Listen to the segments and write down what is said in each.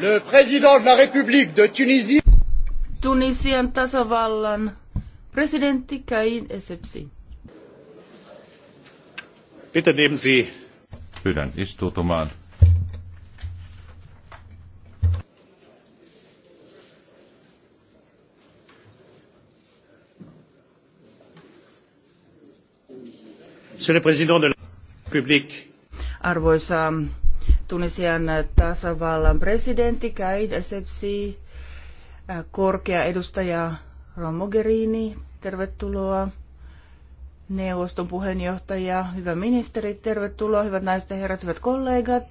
Le président de la République de Tunisie. Tunisian tasavallan presidentti Kain Esepsi. Bitte nehmen Sie. Pyydän istuutumaan. Monsieur le Président de la République. Arvoisa Tunisian tasavallan presidentti Kaid Essebsi, korkea edustaja Ron Mogherini, tervetuloa. Neuvoston puheenjohtaja, hyvä ministeri, tervetuloa, hyvät naiset ja herrat, hyvät kollegat.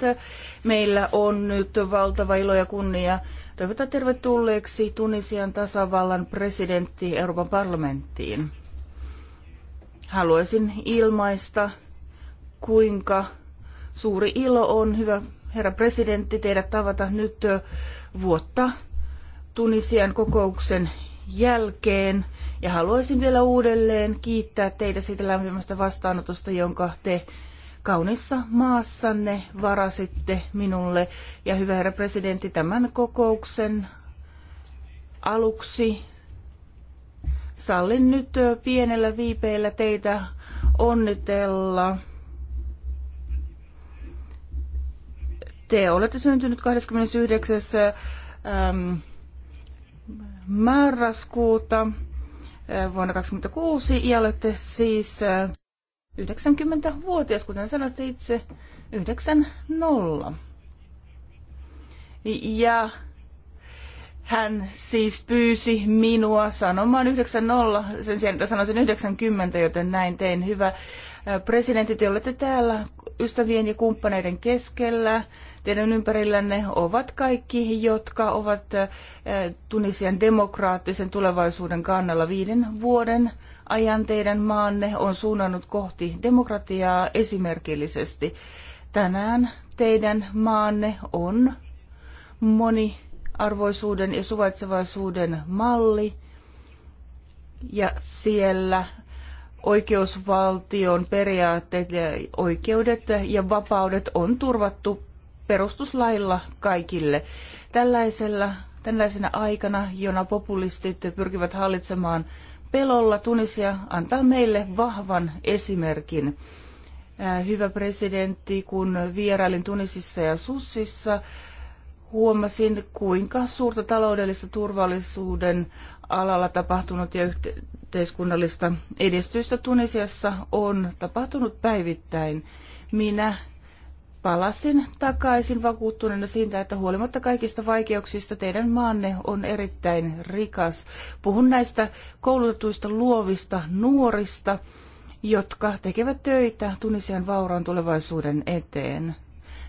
Meillä on nyt valtava ilo ja kunnia toivottaa tervetulleeksi Tunisian tasavallan presidentti Euroopan parlamenttiin. Haluaisin ilmaista, kuinka Suuri ilo on, hyvä herra presidentti, teidät tavata nyt vuotta Tunisian kokouksen jälkeen. Ja haluaisin vielä uudelleen kiittää teitä siitä lämpimästä vastaanotosta, jonka te kaunissa maassanne varasitte minulle. Ja hyvä herra presidentti, tämän kokouksen aluksi sallin nyt pienellä viipeellä teitä onnitella – te olette syntynyt 29. Ähm, marraskuuta äh, vuonna 2006, ja olette siis 90-vuotias, äh, kuten sanoitte itse, 90. Ja hän siis pyysi minua sanomaan 90 sen sijaan, että sanoisin 90, joten näin tein. Hyvä äh, presidentti, te olette täällä ystävien ja kumppaneiden keskellä, teidän ympärillänne ovat kaikki, jotka ovat eh, Tunisian demokraattisen tulevaisuuden kannalla viiden vuoden ajan teidän maanne on suunnannut kohti demokratiaa esimerkillisesti. Tänään teidän maanne on moniarvoisuuden ja suvaitsevaisuuden malli ja siellä oikeusvaltion periaatteet ja oikeudet ja vapaudet on turvattu perustuslailla kaikille. Tällaisella, tällaisena aikana, jona populistit pyrkivät hallitsemaan pelolla, Tunisia antaa meille vahvan esimerkin. Äh, hyvä presidentti, kun vierailin Tunisissa ja Sussissa, huomasin, kuinka suurta taloudellista turvallisuuden alalla tapahtunut ja yhte- yhteiskunnallista edistystä Tunisiassa on tapahtunut päivittäin. Minä palasin takaisin vakuuttuneena siitä, että huolimatta kaikista vaikeuksista teidän maanne on erittäin rikas. Puhun näistä koulutetuista luovista nuorista, jotka tekevät töitä Tunisian vauraan tulevaisuuden eteen.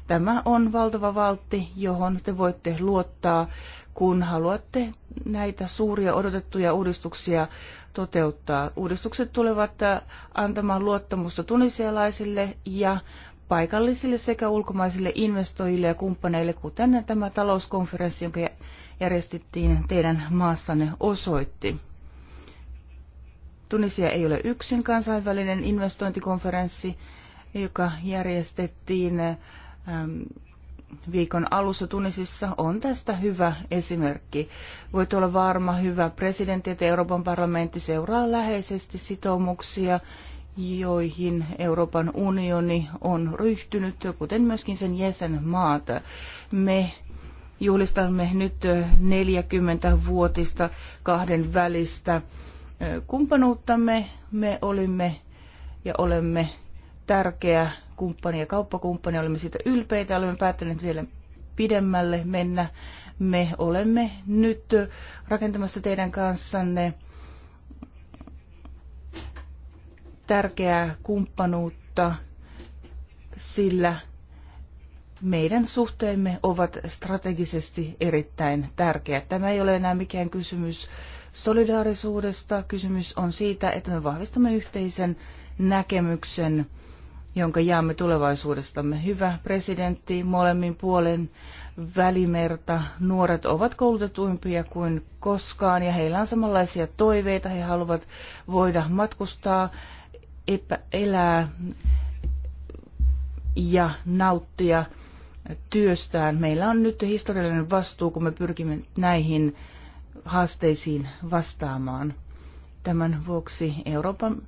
Tämä on valtava valtti, johon te voitte luottaa, kun haluatte näitä suuria odotettuja uudistuksia toteuttaa. Uudistukset tulevat äh, antamaan luottamusta tunisialaisille ja paikallisille sekä ulkomaisille investoijille ja kumppaneille, kuten tämä talouskonferenssi, jonka järjestettiin teidän maassanne, osoitti. Tunisia ei ole yksin kansainvälinen investointikonferenssi, joka järjestettiin ähm, viikon alussa Tunisissa on tästä hyvä esimerkki. Voit olla varma hyvä presidentti, että Euroopan parlamentti seuraa läheisesti sitoumuksia, joihin Euroopan unioni on ryhtynyt, kuten myöskin sen jäsenmaat. Me juhlistamme nyt 40-vuotista kahden välistä kumppanuuttamme. Me olimme ja olemme tärkeä kumppani ja kauppakumppani. Olemme siitä ylpeitä, olemme päättäneet vielä pidemmälle mennä. Me olemme nyt rakentamassa teidän kanssanne tärkeää kumppanuutta, sillä meidän suhteemme ovat strategisesti erittäin tärkeät. Tämä ei ole enää mikään kysymys solidaarisuudesta. Kysymys on siitä, että me vahvistamme yhteisen näkemyksen jonka jaamme tulevaisuudestamme. Hyvä presidentti, molemmin puolen välimerta. Nuoret ovat koulutetuimpia kuin koskaan ja heillä on samanlaisia toiveita. He haluavat voida matkustaa, epä, elää ja nauttia työstään. Meillä on nyt historiallinen vastuu, kun me pyrkimme näihin haasteisiin vastaamaan. Tämän vuoksi Euroopan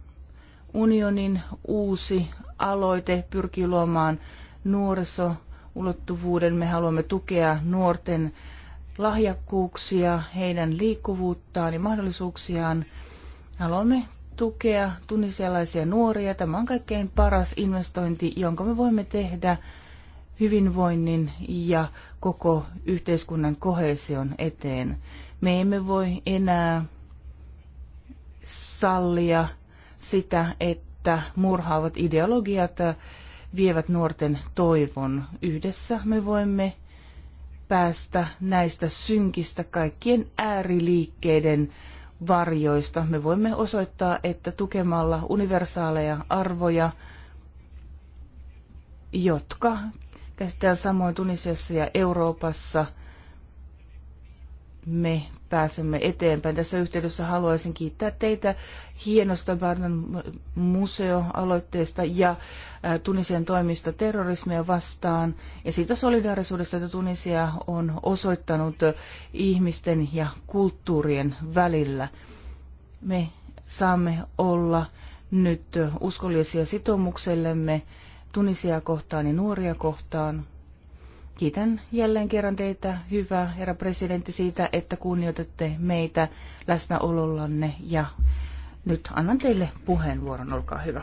unionin uusi aloite pyrkii luomaan nuorisoulottuvuuden. Me haluamme tukea nuorten lahjakkuuksia, heidän liikkuvuuttaan ja mahdollisuuksiaan. Haluamme tukea tunisialaisia nuoria. Tämä on kaikkein paras investointi, jonka me voimme tehdä hyvinvoinnin ja koko yhteiskunnan kohesion eteen. Me emme voi enää sallia sitä, että että murhaavat ideologiat äh, vievät nuorten toivon. Yhdessä me voimme päästä näistä synkistä kaikkien ääriliikkeiden varjoista. Me voimme osoittaa, että tukemalla universaaleja arvoja, jotka käsitellään samoin Tunisiassa ja Euroopassa – me pääsemme eteenpäin. Tässä yhteydessä haluaisin kiittää teitä hienosta Barnan museoaloitteesta ja Tunisian toimista terrorismia vastaan ja siitä solidaarisuudesta, jota Tunisia on osoittanut ihmisten ja kulttuurien välillä. Me saamme olla nyt uskollisia sitoumuksellemme Tunisia kohtaan ja nuoria kohtaan. Kiitän jälleen kerran teitä, hyvä herra presidentti, siitä, että kunnioitatte meitä läsnäolollanne ja nyt annan teille puheenvuoron, olkaa hyvä.